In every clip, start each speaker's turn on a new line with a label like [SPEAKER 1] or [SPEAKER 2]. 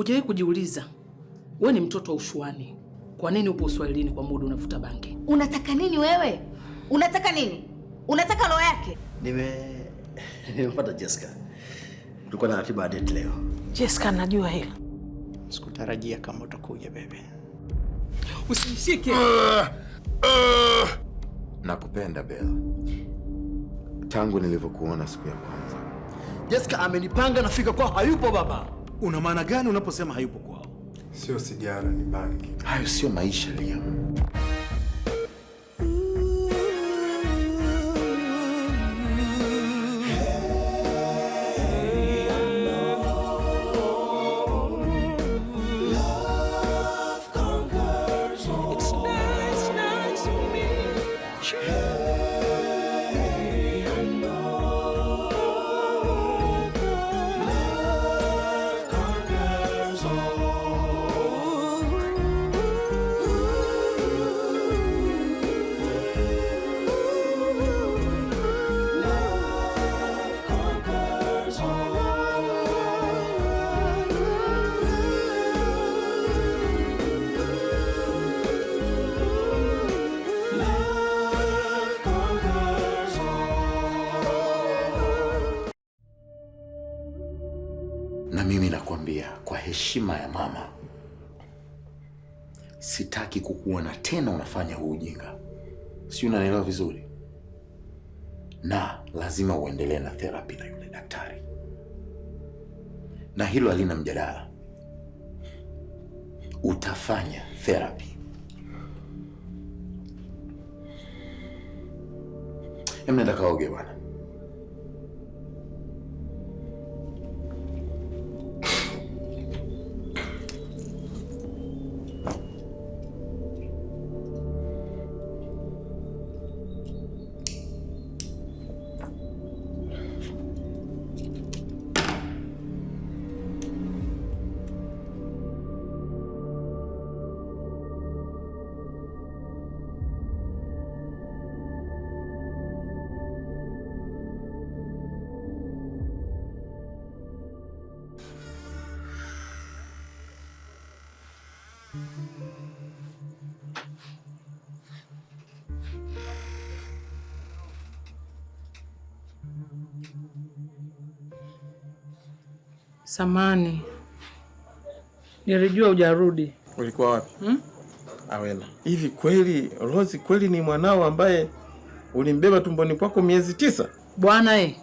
[SPEAKER 1] Hujawahi kujiuliza wewe ni mtoto wa ushuani, kwa nini upo uswahilini kwa muda unavuta bangi?
[SPEAKER 2] Unataka nini wewe? Unataka nini? Unataka roho yake?
[SPEAKER 3] Nime nimepata Jessica, tulikuwa na ratiba ya date leo.
[SPEAKER 1] Jessica, najua hilo.
[SPEAKER 3] Sikutarajia kama utakuja bebe.
[SPEAKER 1] Usimshike. Uh,
[SPEAKER 3] uh. Nakupenda Bella, tangu nilivyokuona siku ya kwanza.
[SPEAKER 4] Jessica amenipanga, nafika kwa hayupo baba Una maana gani unaposema hayupo kwao?
[SPEAKER 5] Sio sijara ni bangi.
[SPEAKER 3] Hayo sio maisha, Liam. Na mimi nakwambia kwa heshima ya mama, sitaki kukuona tena unafanya huu ujinga, si unanielewa vizuri? Na lazima uendelee na therapy na yule daktari, na hilo halina mjadala. Utafanya therapy. Emnenda kaoge bwana.
[SPEAKER 6] Samani, nilijua ujarudi.
[SPEAKER 7] Ulikuwa wapi? Hmm? Awena, hivi kweli Rose kweli ni mwanao ambaye ulimbeba tumboni kwako miezi tisa?
[SPEAKER 6] Bwana e,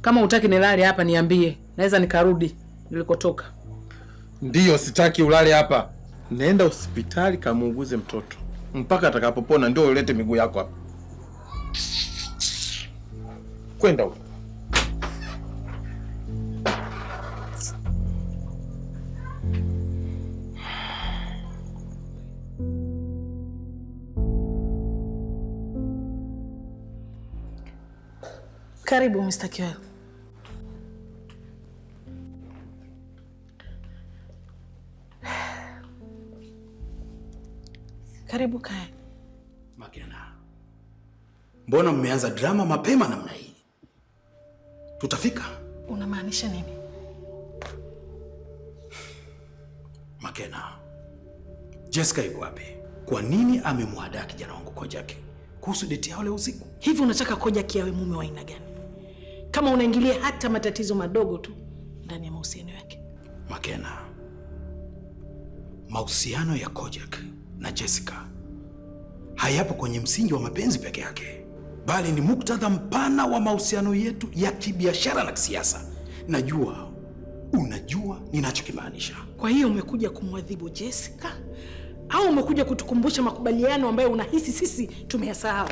[SPEAKER 6] kama utaki nilale hapa niambie, naweza nikarudi nilikotoka.
[SPEAKER 7] Ndiyo, sitaki ulale hapa, nenda hospitali kamuuguze mtoto mpaka atakapopona, ndio ulete miguu yako hapa kwenda huko.
[SPEAKER 6] Karibu Mr. Kiwel. Karibu kae.
[SPEAKER 3] Makena, mbona mmeanza drama mapema namna hii? Tutafika.
[SPEAKER 6] Unamaanisha nini?
[SPEAKER 3] Makena, Jessica yuko wapi? Kwa nini amemwadaa kijana wangu Kojaki kuhusu deti yao leo usiku?
[SPEAKER 1] Hivi unataka Kojaki awe mume wa aina gani? kama unaingilia hata matatizo madogo tu ndani ya mahusiano yake.
[SPEAKER 3] Makena, mahusiano ya Kojak na Jessica hayapo kwenye msingi wa mapenzi peke yake, bali ni muktadha mpana wa mahusiano yetu ya kibiashara na kisiasa. Najua unajua ninachokimaanisha.
[SPEAKER 1] Kwa hiyo umekuja kumwadhibu Jessica au umekuja kutukumbusha makubaliano ambayo unahisi sisi tumeyasahau?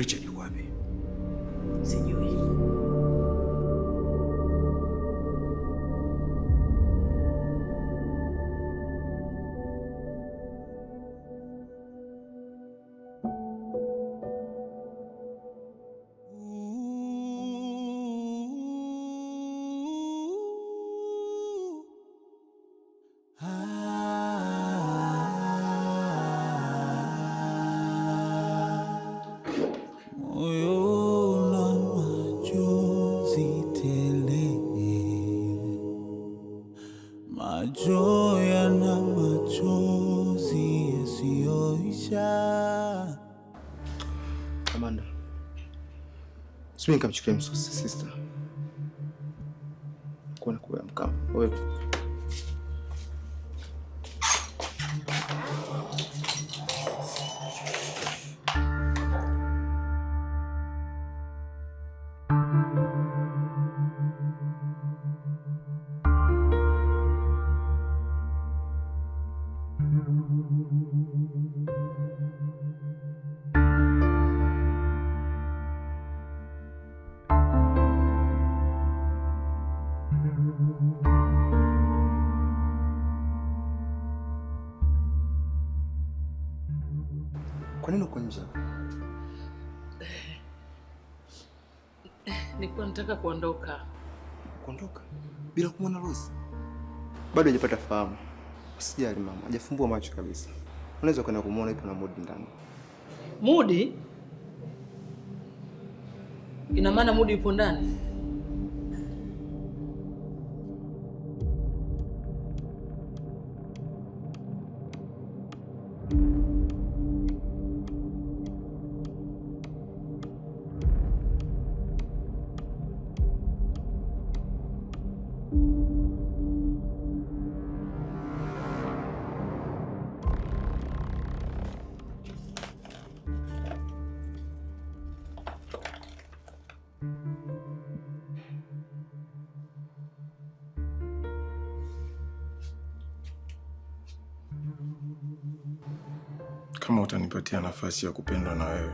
[SPEAKER 3] Richard Guabi.
[SPEAKER 1] Senhor.
[SPEAKER 8] Sijui nikamchukulia msosi sister, kuwa nakuamka wewe
[SPEAKER 6] nataka kuondoka.
[SPEAKER 8] Kuondoka bila kumwona Rose? Bado hajapata fahamu. Usijali mama, hajafumbua macho kabisa. Unaweza kwenda kumwona, ipo na Mudi ndani.
[SPEAKER 6] Mudi? Ina maana Mudi yupo ndani?
[SPEAKER 8] Kama utanipatia nafasi ya kupendwa na wewe,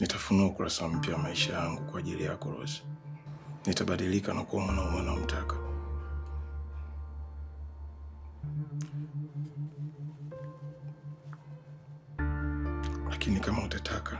[SPEAKER 8] nitafunua ukurasa mpya wa maisha yangu kwa ajili yako Rose. Nitabadilika na kuwa mwanaume unaomtaka. Lakini kama utataka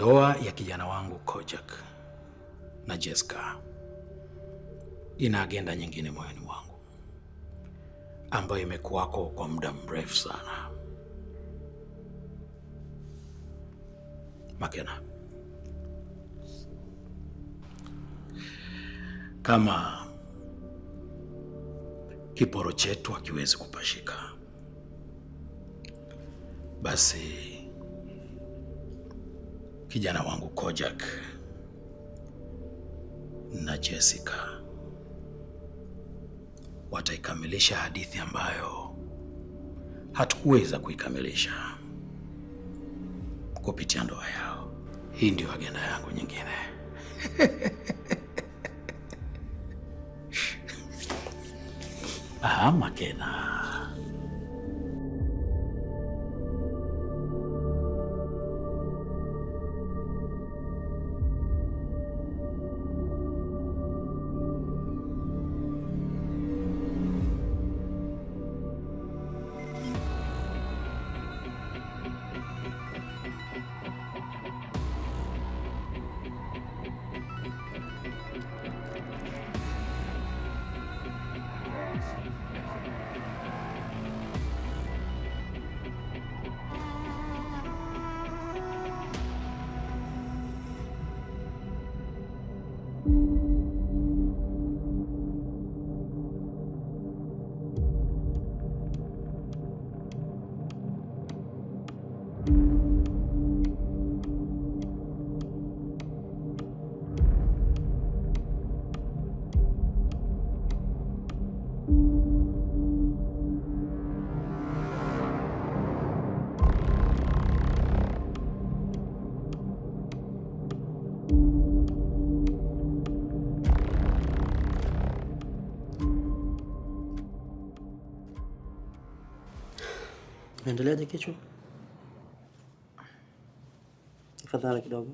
[SPEAKER 3] Ndoa ya kijana wangu Kojak na Jessica ina agenda nyingine moyoni mwangu ambayo imekuwako kwa muda mrefu sana. Makena, kama kiporo chetu hakiwezi kupashika, basi kijana wangu Kojak na Jessica wataikamilisha hadithi ambayo hatukuweza kuikamilisha kupitia ndoa yao. Hii ndio agenda yangu nyingine. Ah, Makena.
[SPEAKER 8] Endeleaje kichwa? Tafadhali kidogo.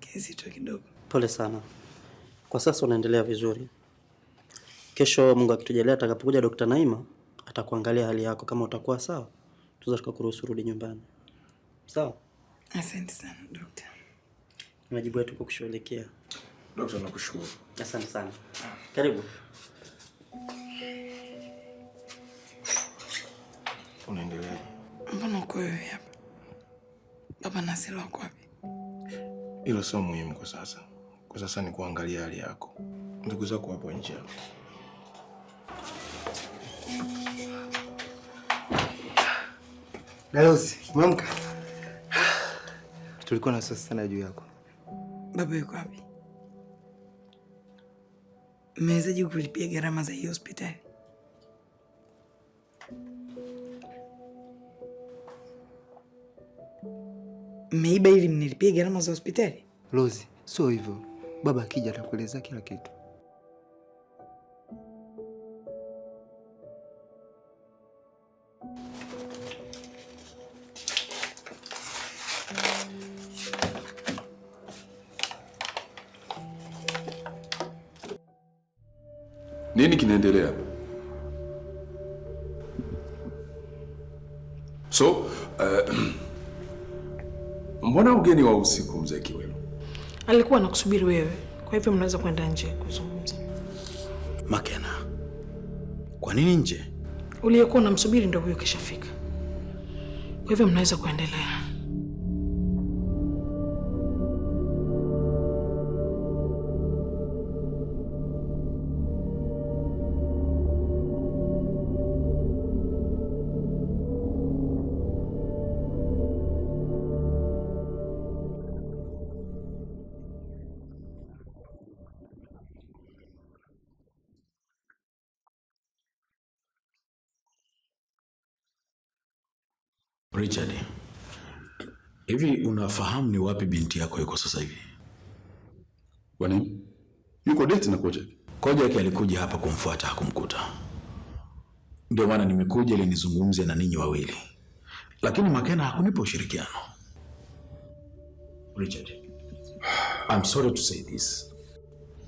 [SPEAKER 9] Kizito kidogo.
[SPEAKER 8] Pole sana. Kwa sasa unaendelea vizuri. Kesho Mungu akitujalia, atakapokuja Dr. Naima atakuangalia hali yako, kama utakuwa sawa, tunaweza tukakuruhusu rudi nyumbani. Sawa?
[SPEAKER 9] Asante sana daktari.
[SPEAKER 8] Majibu yetu kwa kushughulikia.
[SPEAKER 10] Daktari, nakushukuru.
[SPEAKER 8] Asante sana. Karibu.
[SPEAKER 10] Unaendeleaje?
[SPEAKER 9] Mbona uko wewe hapa? Baba na Sela wako wapi?
[SPEAKER 10] Hilo sio muhimu kwa sasa. Kwa sasa ni kuangalia hali yako. Ndugu zako wapo nje.
[SPEAKER 8] Galozi, umeamka? Tulikuwa na wasiwasi sana juu yako.
[SPEAKER 9] Baba yuko wapi? Mmewezaje kulipia gharama za hii hospitali? Mmeiba ili mnilipie gharama za hospitali?
[SPEAKER 8] Rose, sio hivyo. Baba akija atakueleza kila kitu.
[SPEAKER 10] Nini kinaendelea? Mbona ugeni wa usiku, mzee Kiwelo?
[SPEAKER 1] Alikuwa anakusubiri wewe, kwa hivyo mnaweza kwenda nje kuzungumza.
[SPEAKER 3] Makena, kwa nini nje?
[SPEAKER 1] Uliyekuwa unamsubiri ndio huyo kishafika, kwa hivyo mnaweza kuendelea.
[SPEAKER 3] Richard, hivi unafahamu ni wapi binti yako yuko sasa hivi?
[SPEAKER 10] Kwa nini? Yuko date na Kojak.
[SPEAKER 3] Kojak alikuja hapa kumfuata hakumkuta, ndio maana nimekuja ili nizungumze na ninyi wawili, lakini Makena hakunipa ushirikiano. Richard, I'm sorry to say this,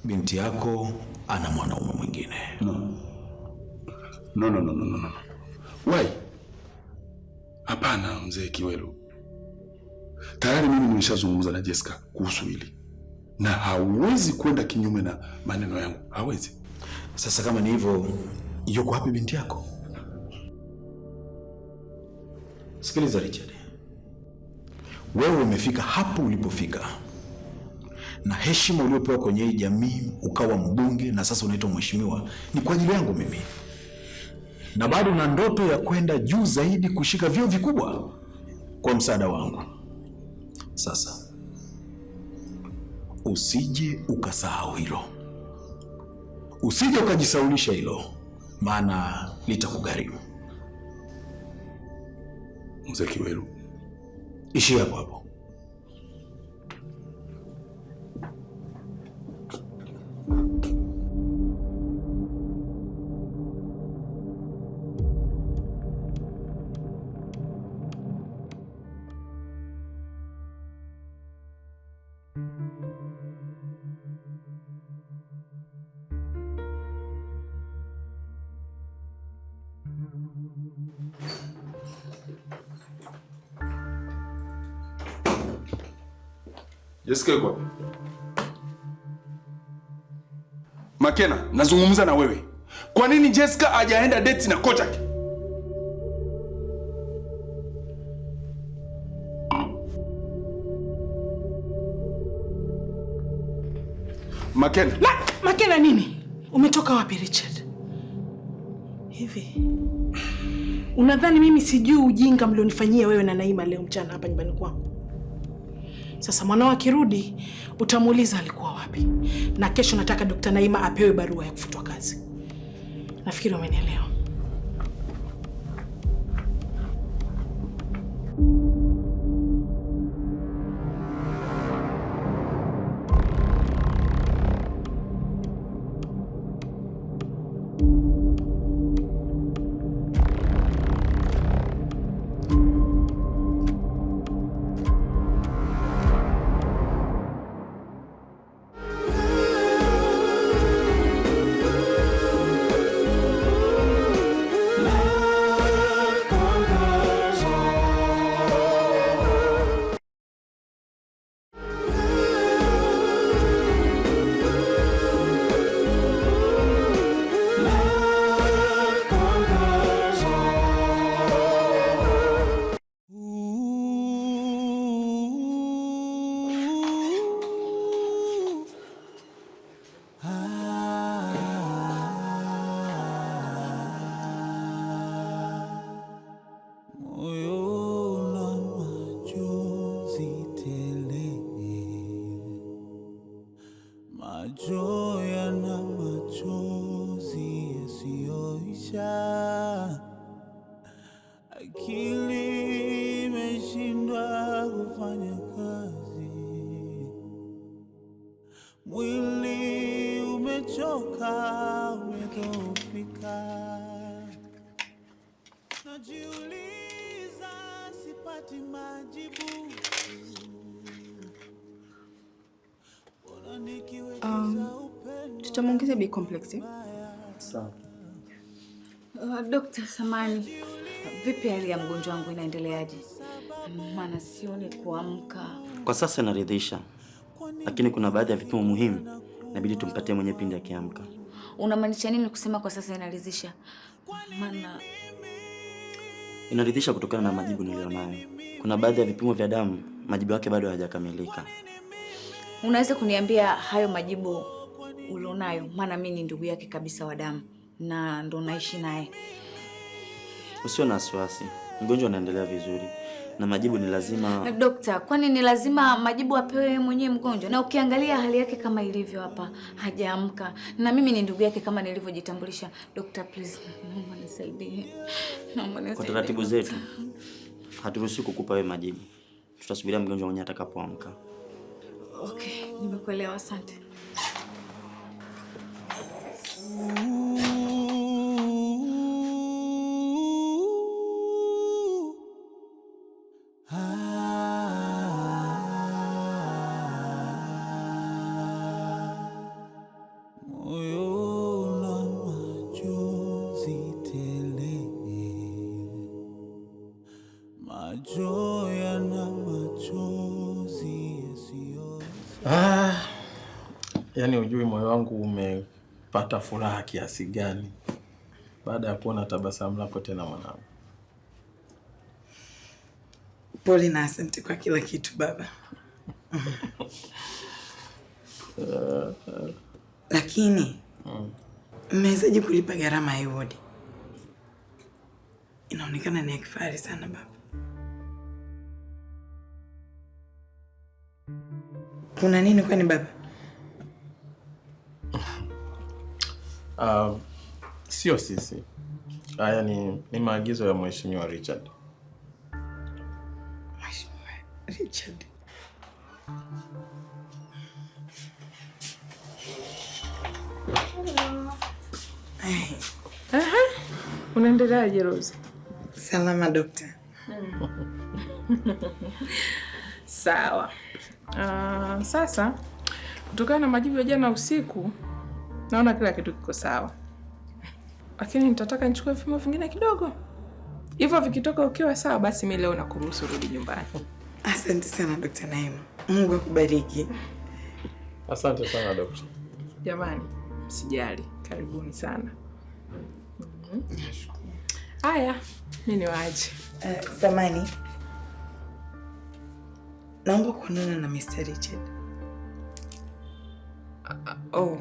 [SPEAKER 3] binti yako ana mwanaume mwingine.
[SPEAKER 10] No. No, no, no, no, no. Why? Hapana mzee Kiwelu, tayari mimi nimeshazungumza na Jessica kuhusu hili na hawezi kwenda kinyume na maneno yangu, hawezi.
[SPEAKER 3] Sasa kama ni hivyo, yuko wapi binti yako? Sikiliza Richard, wewe umefika hapo ulipofika na heshima uliopewa kwenye hii jamii, ukawa mbunge na sasa unaitwa mheshimiwa, ni kwa ajili yangu mimi na bado una ndoto ya kwenda juu zaidi, kushika vyo vikubwa kwa msaada wangu. Sasa usije ukasahau hilo, usije ukajisaulisha hilo, maana litakugharimu.
[SPEAKER 10] Mzee Kiweru, ishia hapo hapo. Jessica yuko wapi? Makena, nazungumza na wewe. Kwa nini Jessica hajaenda date na Kojak? Makena.
[SPEAKER 1] Ma Makena nini? Umetoka wapi Richard? Hivi. Unadhani mimi sijui ujinga mlionifanyia wewe na Naima leo mchana hapa nyumbani kwangu? Sasa mwanao akirudi utamuuliza alikuwa wapi, na kesho nataka Dkt. Naima apewe barua ya kufutwa kazi. Nafikiri umenielewa.
[SPEAKER 11] Um, tutamwongeza B complex. Eh? Sawa. Uh, Samani, vipi hali ya mgonjwa wangu inaendeleaje? Maana sioni kuamka.
[SPEAKER 8] Kwa sasa inaridhisha, lakini kuna baadhi ya vipimo muhimu inabidi tumpatie mwenye pindi akiamka.
[SPEAKER 11] Unamaanisha nini kusema kwa sasa inaridhisha? Maana
[SPEAKER 8] inaridhisha kutokana na majibu niliyonayo kuna baadhi ya vipimo vya damu majibu yake bado hayajakamilika.
[SPEAKER 11] Unaweza kuniambia hayo majibu ulionayo? Maana mimi ni ndugu yake kabisa wa damu na ndo naishi naye.
[SPEAKER 8] Usio na wasiwasi, mgonjwa anaendelea vizuri na majibu ni lazima.
[SPEAKER 11] Na dokta, kwani ni lazima majibu apewe mwenyewe mgonjwa? Na ukiangalia hali yake kama ilivyo hapa, hajaamka, na mimi ni ndugu yake kama nilivyojitambulisha. Dokta, please naomba nisaidie, naomba nisaidie
[SPEAKER 8] kwa taratibu zetu haturuhusi kukupa wewe majibu. Tutasubiria mgonjwa mwenyewe atakapoamka.
[SPEAKER 11] Okay, nimekuelewa. Asante.
[SPEAKER 12] Ah, yani ujui moyo wangu umepata furaha kiasi gani baada ya kuona tabasamu lako tena mwanangu.
[SPEAKER 9] Pole na asante kwa kila kitu baba. Lakini mm. mmewezaje kulipa gharama ya wodi? Inaonekana ni ya kifahari sana baba. Kuna nini kwani baba?
[SPEAKER 12] Uh, sio sisi. Haya ah, ni, ni maagizo ya Mheshimiwa Richard.
[SPEAKER 9] Mheshimiwa Richard.
[SPEAKER 6] Unaendeleaje Rose?
[SPEAKER 9] Salama dokta.
[SPEAKER 6] Sawa. Ah, sasa kutokana na majibu ya jana usiku naona kila kitu kiko sawa, lakini nitataka nichukue vipimo vingine kidogo. Hivyo vikitoka ukiwa sawa, basi mimi leo nakuruhusu rudi nyumbani.
[SPEAKER 9] Asante sana Dr. Naima, Mungu akubariki.
[SPEAKER 12] Asante sana daktari.
[SPEAKER 6] Jamani, msijali, karibuni sana. Haya, mm ni Mimi niwaache.
[SPEAKER 9] Uh, eh, samani Naomba kuonana na Mr. Richard.
[SPEAKER 6] Uh, oh.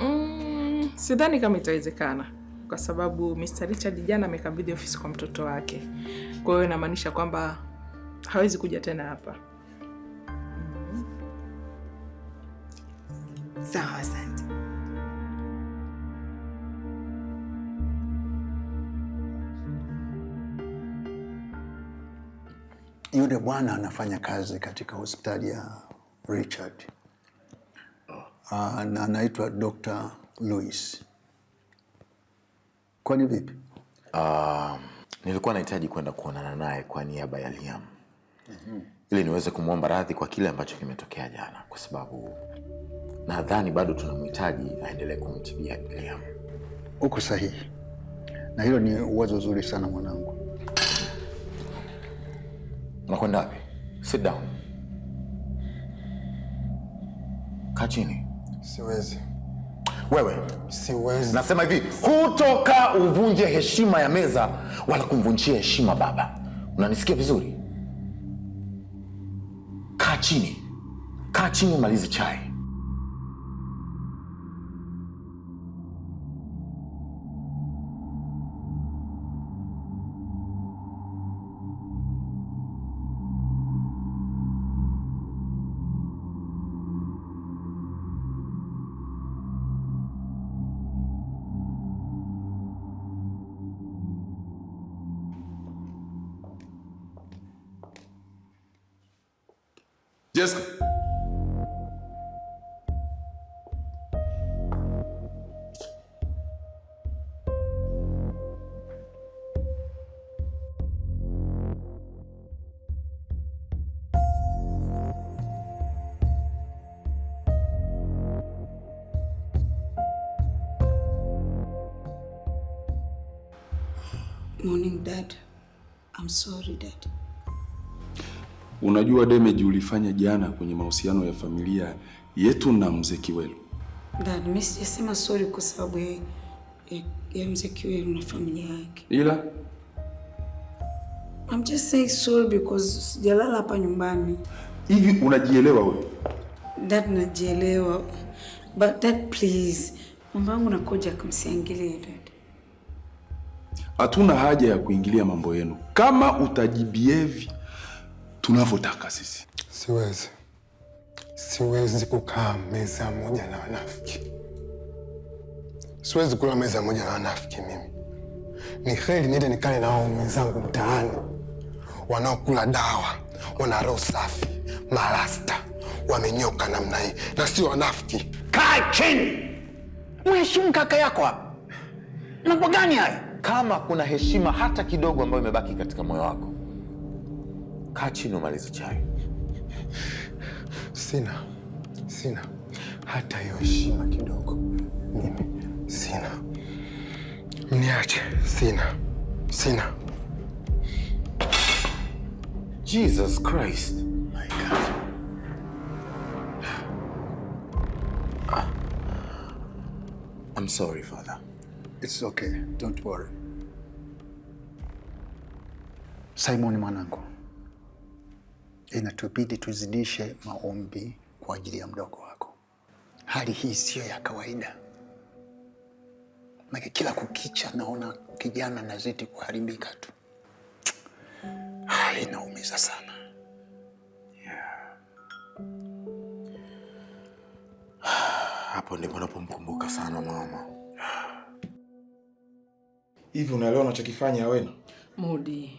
[SPEAKER 6] Mm, sidhani kama itawezekana kwa sababu Mr. Richard jana amekabidhi ofisi kwa mtoto wake, kwa hiyo inamaanisha kwamba hawezi kuja tena hapa. Mm.
[SPEAKER 9] Sawa sana.
[SPEAKER 13] Yule bwana anafanya kazi katika hospitali ya Richard uh, na anaitwa Dr. Louis. Kwani vipi?
[SPEAKER 14] Uh, nilikuwa nahitaji kwenda kuonana naye kwa niaba ya Liam mm -hmm. ili niweze kumwomba radhi kwa kile ambacho kimetokea jana, kwa sababu nadhani bado tunamhitaji aendelee kumtibia Liam.
[SPEAKER 13] Uko sahihi, na hilo ni wazo zuri sana mwanangu
[SPEAKER 14] Unakwenda wapi? Sit down. Kaa chini.
[SPEAKER 13] Siwezi. Wewe siwezi.
[SPEAKER 14] Nasema hivi, hutoka uvunje heshima ya meza wala kumvunjia heshima baba. Unanisikia vizuri? Kaa chini, kaa chini, umalize chai. Jessica.
[SPEAKER 9] Morning, Dad. I'm sorry, Dad.
[SPEAKER 13] Unajua damage ulifanya jana kwenye mahusiano ya familia yetu na mzee Kiwelu.
[SPEAKER 9] Dad, mimi sijasema sorry kwa sababu ya, ya, ya mzee Kiwelu na familia yake. Ila I'm just saying sorry because sijalala hapa nyumbani.
[SPEAKER 13] Hivi unajielewa wewe?
[SPEAKER 9] Dad, najielewa. But dad, please. Mambo yangu nakoja kumsiangalia dad.
[SPEAKER 13] Hatuna haja ya kuingilia mambo yenu. Kama utajibievi tunavyotaka sisi. Siwezi, siwezi kukaa meza moja na wanafiki, siwezi kula meza moja na wanafiki. Mimi ni heri niende nikale na wao wenzangu mtaani, wanaokula dawa, wana roho safi, marasta wamenyoka namna hii na sio wanafiki.
[SPEAKER 14] Kaa chini, mheshimu kaka yako hapa. Mambo gani haya? Kama kuna heshima hata kidogo ambayo imebaki katika moyo wako Kaa chini umalize chai.
[SPEAKER 13] Sina, sina hata hiyo heshima kidogo. Mimi sina, mniache. Sina, sina.
[SPEAKER 14] Jesus Christ, my God. Ah. I'm sorry, Father.
[SPEAKER 15] It's okay. Don't worry.
[SPEAKER 13] Simon mwanangu inatubidi eh, tuzidishe maombi kwa ajili ya mdogo wako. Hali hii siyo ya kawaida, maana kila kukicha naona kijana anazidi kuharibika tu. Hali inaumiza sana yeah. Hapo ndipo napomkumbuka sana mama. Hivi unaelewa unachokifanya wewe?
[SPEAKER 6] Mudi,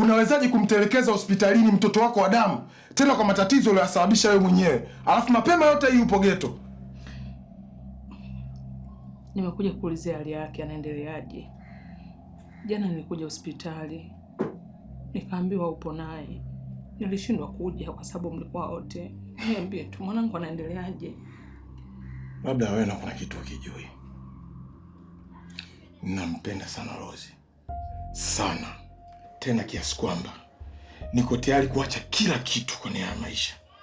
[SPEAKER 13] Unawezaje kumtelekeza hospitalini mtoto wako wa damu, tena kwa matatizo uliyosababisha wewe mwenyewe, alafu mapema yote hii upo geto?
[SPEAKER 1] Nimekuja kuulizia hali yake, anaendeleaje? Jana nilikuja hospitali nikaambiwa upo naye, nilishindwa kuja kwa sababu mlikuwa wote. Niambie tu mwanangu anaendeleaje?
[SPEAKER 13] Labda wewe na kuna kitu ukijui. Nampenda sana Rozi sana tena kiasi kwamba niko tayari kuacha kila kitu kwa neema ya maisha.